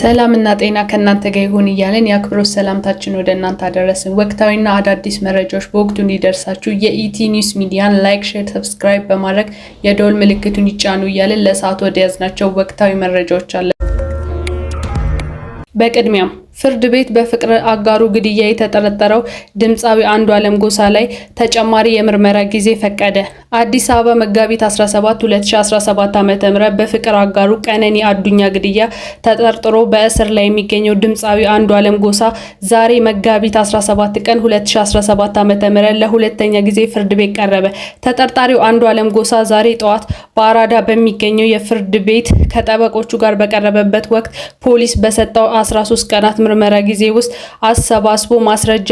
ሰላምና ጤና ከእናንተ ጋር ይሁን እያለን የአክብሮት ሰላምታችን ወደ እናንተ አደረስን። ወቅታዊና አዳዲስ መረጃዎች በወቅቱ እንዲደርሳችሁ የኢቲ ኒውስ ሚዲያን ላይክ፣ ሼር፣ ሰብስክራይብ በማድረግ የደወል ምልክቱን ይጫኑ እያለን ለሰዓቱ ወደ ያዝናቸው ወቅታዊ መረጃዎች አለን። በቅድሚያም ፍርድ ቤት በፍቅር አጋሩ ግድያ የተጠረጠረው ድምፃዊ አንዱዓለም ጎሳ ላይ ተጨማሪ የምርመራ ጊዜ ፈቀደ። አዲስ አበባ መጋቢት 17 2017 ዓ.ም በፍቅር አጋሩ ቀነኒ አዱኛ ግድያ ተጠርጥሮ በእስር ላይ የሚገኘው ድምፃዊ አንዱዓለም ጎሳ ዛሬ መጋቢት 17 ቀን 2017 ዓ.ም ለሁለተኛ ጊዜ ፍርድ ቤት ቀረበ። ተጠርጣሪው አንዱዓለም ጎሳ ዛሬ ጠዋት በአራዳ በሚገኘው የፍርድ ቤት ከጠበቆቹ ጋር በቀረበበት ወቅት ፖሊስ በሰጠው 13 ቀናት ምርመራ ጊዜ ውስጥ አሰባስቦ ማስረጃ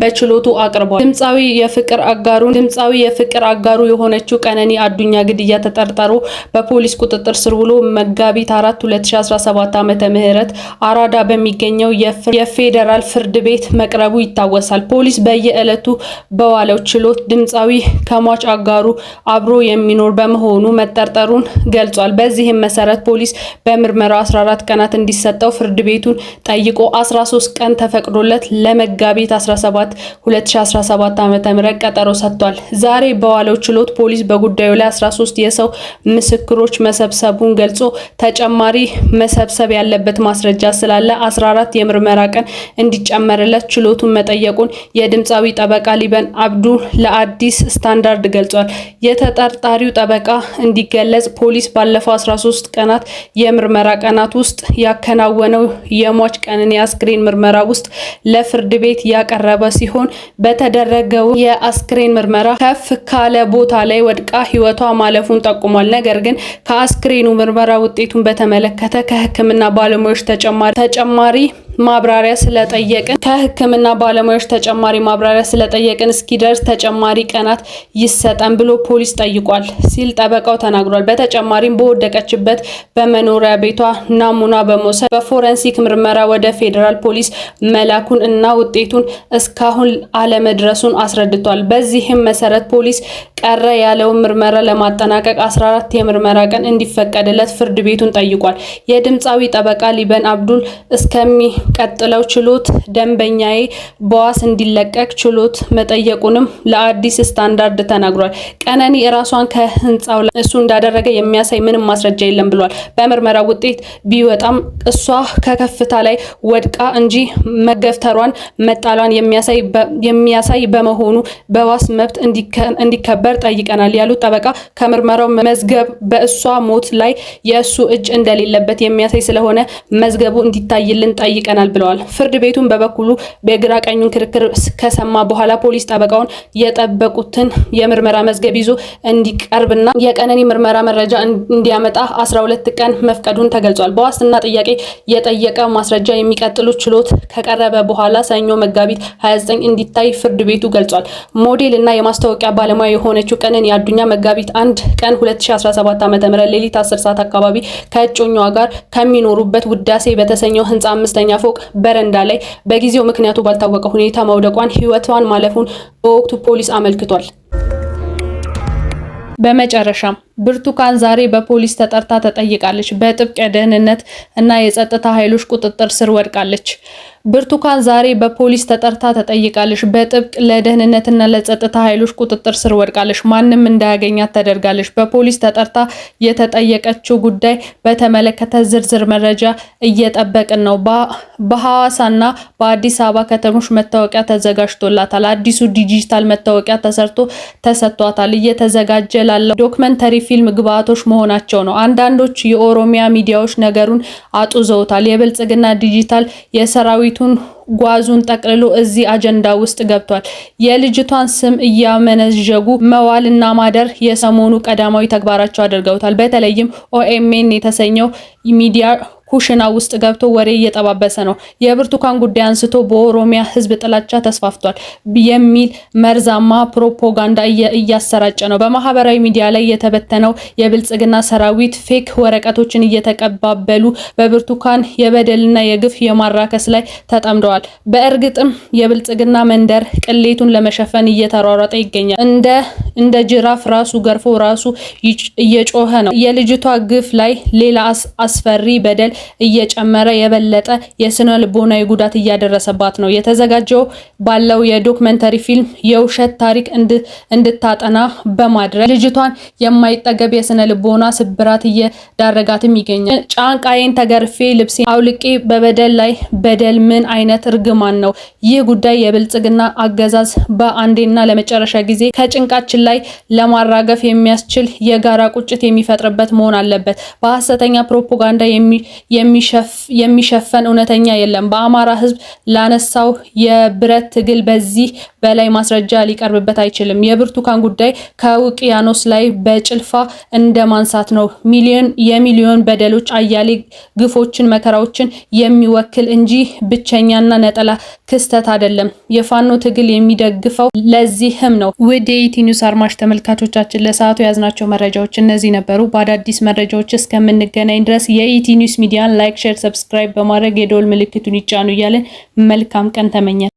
በችሎቱ አቅርቧል። ድምፃዊ የፍቅር አጋሩን ድምፃዊ የፍቅር አጋሩ የሆነችው ቀነኒ አዱኛ ግድያ ተጠርጣሮ በፖሊስ ቁጥጥር ስር ውሎ መጋቢት 4 2017 ዓ ም አራዳ በሚገኘው የፌዴራል ፍርድ ቤት መቅረቡ ይታወሳል። ፖሊስ በየዕለቱ በዋለው ችሎት ድምፃዊ ከሟች አጋሩ አብሮ የሚኖር በመሆኑ መጠርጠሩን ገልጿል። በዚህም መሰረት ፖሊስ በምርመራው 14 ቀናት እንዲሰጠው ፍርድ ቤቱን ጠይቆ 13 ቀን ተፈቅዶለት ለመጋቢት 17 2017 ዓ.ም ቀጠሮ ሰጥቷል። ዛሬ በዋለው ችሎት ፖሊስ በጉዳዩ ላይ 13 የሰው ምስክሮች መሰብሰቡን ገልጾ ተጨማሪ መሰብሰብ ያለበት ማስረጃ ስላለ 14 የምርመራ ቀን እንዲጨመርለት ችሎቱን መጠየቁን የድምፃዊ ጠበቃ ሊበን አብዱ ለአዲስ ስታንዳርድ ገልጿል። የተጠርጣሪው ጠበቃ እንዲገለጽ ፖሊስ ባለፈው 13 ቀናት የምርመራ ቀናት ውስጥ ያከናወነው የሟች ቀንን የአስክሬን ምርመራ ውስጥ ለፍርድ ቤት ያቀረበ ሲሆን በተደረገው የአስክሬን ምርመራ ከፍ ካለ ቦታ ላይ ወድቃ ህይወቷ ማለፉን ጠቁሟል። ነገር ግን ከአስክሬኑ ምርመራ ውጤቱን በተመለከተ ከህክምና ባለሙያዎች ተጨማሪ ማብራሪያ ስለጠየቅን ከህክምና ባለሙያዎች ተጨማሪ ማብራሪያ ስለጠየቅን እስኪደርስ ተጨማሪ ቀናት ይሰጠን ብሎ ፖሊስ ጠይቋል ሲል ጠበቃው ተናግሯል። በተጨማሪም በወደቀችበት በመኖሪያ ቤቷ ናሙና በመውሰድ በፎረንሲክ ምርመራ ወደ ፌዴራል ፖሊስ መላኩን እና ውጤቱን እስካሁን አለመድረሱን አስረድቷል። በዚህም መሰረት ፖሊስ ቀረ ያለውን ምርመራ ለማጠናቀቅ 14 የምርመራ ቀን እንዲፈቀድለት ፍርድ ቤቱን ጠይቋል። የድምፃዊ ጠበቃ ሊበን አብዱል እስከሚ ቀጥለው ችሎት ደንበኛዬ በዋስ እንዲለቀቅ ችሎት መጠየቁንም ለአዲስ ስታንዳርድ ተናግሯል። ቀነኒ እራሷን ከህንፃው ላይ እሱ እንዳደረገ የሚያሳይ ምንም ማስረጃ የለም ብሏል። በምርመራ ውጤት ቢወጣም እሷ ከከፍታ ላይ ወድቃ እንጂ መገፍተሯን መጣሏን የሚያሳይ በመሆኑ በዋስ መብት እንዲከበር ጠይቀናል ያሉት ጠበቃ ከምርመራው መዝገብ በእሷ ሞት ላይ የእሱ እጅ እንደሌለበት የሚያሳይ ስለሆነ መዝገቡ እንዲታይልን ጠይቀናል ወስነናል ብለዋል። ፍርድ ቤቱን በበኩሉ በግራ ቀኙን ክርክር ከሰማ በኋላ ፖሊስ ጠበቃውን የጠበቁትን የምርመራ መዝገብ ይዞ እንዲቀርብና የቀነኒ ምርመራ መረጃ እንዲያመጣ 12 ቀን መፍቀዱን ተገልጿል። በዋስትና ጥያቄ የጠየቀ ማስረጃ የሚቀጥሉ ችሎት ከቀረበ በኋላ ሰኞ መጋቢት 29 እንዲታይ ፍርድ ቤቱ ገልጿል። ሞዴል እና የማስታወቂያ ባለሙያ የሆነችው ቀነኒ አዱኛ መጋቢት አንድ ቀን 2017 ዓ.ም ሌሊት 10 ሰዓት አካባቢ ከእጮኛዋ ጋር ከሚኖሩበት ውዳሴ በተሰኘው ህንፃ አምስተኛ ፎቅ ፎቅ በረንዳ ላይ በጊዜው ምክንያቱ ባልታወቀ ሁኔታ መውደቋን ህይወቷን ማለፉን በወቅቱ ፖሊስ አመልክቷል። በመጨረሻም ብርቱካን ዛሬ በፖሊስ ተጠርታ ተጠይቃለች። በጥብቅ የደህንነት እና የጸጥታ ኃይሎች ቁጥጥር ስር ወድቃለች። ብርቱካን ዛሬ በፖሊስ ተጠርታ ተጠይቃለች። በጥብቅ ለደህንነትና ለጸጥታ ኃይሎች ቁጥጥር ስር ወድቃለች። ማንም እንዳያገኛት ተደርጋለች። በፖሊስ ተጠርታ የተጠየቀችው ጉዳይ በተመለከተ ዝርዝር መረጃ እየጠበቅን ነው። በሐዋሳና በአዲስ አበባ ከተሞች መታወቂያ ተዘጋጅቶላታል። አዲሱ ዲጂታል መታወቂያ ተሰርቶ ተሰጥቷታል። እየተዘጋጀ ላለው ዶክመንተሪ ፊልም ግብዓቶች መሆናቸው ነው። አንዳንዶች የኦሮሚያ ሚዲያዎች ነገሩን አጡዘውታል። የብልጽግና ዲጂታል የሰራዊቱን ጓዙን ጠቅልሎ እዚህ አጀንዳ ውስጥ ገብቷል። የልጅቷን ስም እያመነዠጉ መዋል ማደር የሰሞኑ ቀዳማዊ ተግባራቸው አድርገውታል። በተለይም ኦኤምኤን የተሰኘው ሚዲያ ኩሽና ውስጥ ገብቶ ወሬ እየጠባበሰ ነው። የብርቱካን ጉዳይ አንስቶ በኦሮሚያ ህዝብ ጥላቻ ተስፋፍቷል የሚል መርዛማ ፕሮፓጋንዳ እያሰራጨ ነው። በማህበራዊ ሚዲያ ላይ የተበተነው የብልጽግና ሰራዊት ፌክ ወረቀቶችን እየተቀባበሉ በብርቱካን የበደልና የግፍ የማራከስ ላይ ተጠምደዋል። በእርግጥም የብልጽግና መንደር ቅሌቱን ለመሸፈን እየተሯሯጠ ይገኛል። እንደ እንደ ጅራፍ ራሱ ገርፎ ራሱ እየጮኸ ነው። የልጅቷ ግፍ ላይ ሌላ አስፈሪ በደል እየጨመረ የበለጠ የስነ ልቦናዊ ጉዳት እያደረሰባት ነው። የተዘጋጀው ባለው የዶክመንተሪ ፊልም የውሸት ታሪክ እንድታጠና በማድረግ ልጅቷን የማይጠገብ የስነ ልቦና ስብራት እየዳረጋትም ይገኛል። ጫንቃዬን ተገርፌ ልብሴ አውልቄ በበደል ላይ በደል ምን አይነት እርግማን ነው? ይህ ጉዳይ የብልጽግና አገዛዝ በአንዴና ለመጨረሻ ጊዜ ከጭንቃችን ላይ ለማራገፍ የሚያስችል የጋራ ቁጭት የሚፈጥርበት መሆን አለበት። በሀሰተኛ ፕሮፓጋንዳ የሚሸፈን እውነተኛ የለም። በአማራ ህዝብ ላነሳው የብረት ትግል በዚህ በላይ ማስረጃ ሊቀርብበት አይችልም። የብርቱካን ጉዳይ ከውቅያኖስ ላይ በጭልፋ እንደ ማንሳት ነው። ሚሊዮን የሚሊዮን በደሎች፣ አያሌ ግፎችን፣ መከራዎችን የሚወክል እንጂ ብቸኛና ነጠላ ክስተት አይደለም። የፋኖ ትግል የሚደግፈው ለዚህም ነው። ውድ የኢቲኒውስ አድማጭ ተመልካቾቻችን ለሰዓቱ የያዝናቸው መረጃዎች እነዚህ ነበሩ። በአዳዲስ መረጃዎች እስከምንገናኝ ድረስ የኢቲኒውስ ሚዲያ ያን ላይክ፣ ሼር፣ ሰብስክራይብ በማድረግ የደወል ምልክቱን ይጫኑ እያለን መልካም ቀን ተመኘን።